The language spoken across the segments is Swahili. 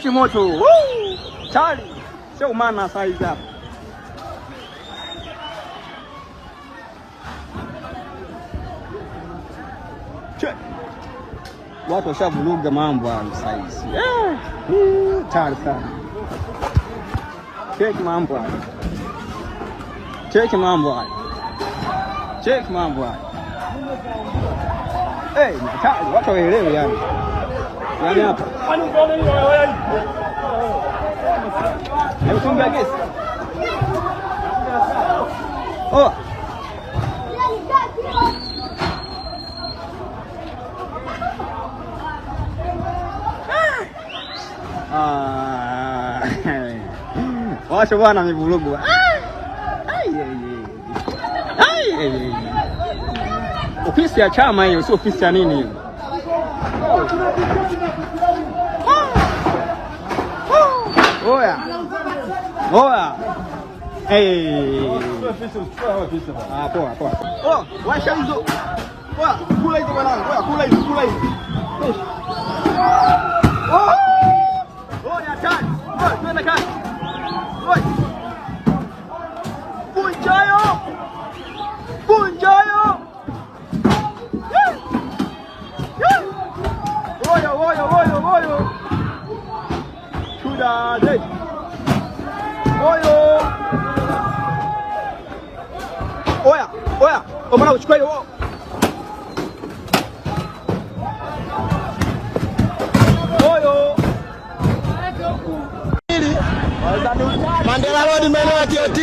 fresh moto. Woo! Chali. Sio maana size hapa. Watu washavuruga mambo hayo saizi. Yeah. Chali sana. Cheki mambo hayo. Cheki mambo hayo. Cheki mambo hayo. hey, watu waelewe yani. Yani hapa. Kwani unaona hiyo wewe? Hebu tumbia gesi. Oh. Ah. bwana mivurugu. Ofisi ya chama hiyo, sio ofisi ya nini hiyo. 我啊，哎，啊，走啊走哦，我上一组，哇，过来个边来，哇，过来过来，个。Müdahale. Oyo. Oya, oya. Omana uchukua hiyo. Oyo. Mandela Road maeneo ya TOT.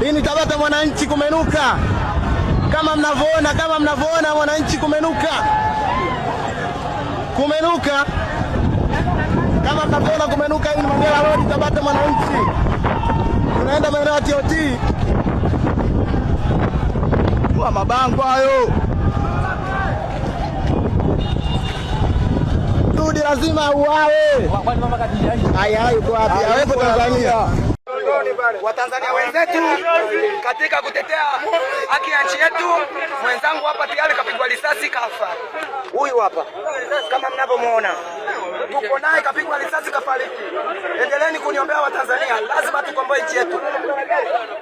Hii ni Tabata mwananchi kumenuka. Kama mnavyoona, kama mnavyoona mwananchi kumenuka. Kumenuka. Kama mnavyoona Tunavuka hivi Mandela Road Tabata Mwananchi, tunaenda maeneo ya TOT. Kwa mabango hayo, Dudi lazima uawe. Haya, Tanzania. Watanzania wenzetu katika kutetea haki ya nchi yetu, mwenzangu hapa tayari kapigwa risasi kafa. Huyu hapa kama mnavyomwona tuko naye, kapigwa risasi kafariki. Endeleeni kuniombea Watanzania, lazima tukomboe nchi yetu.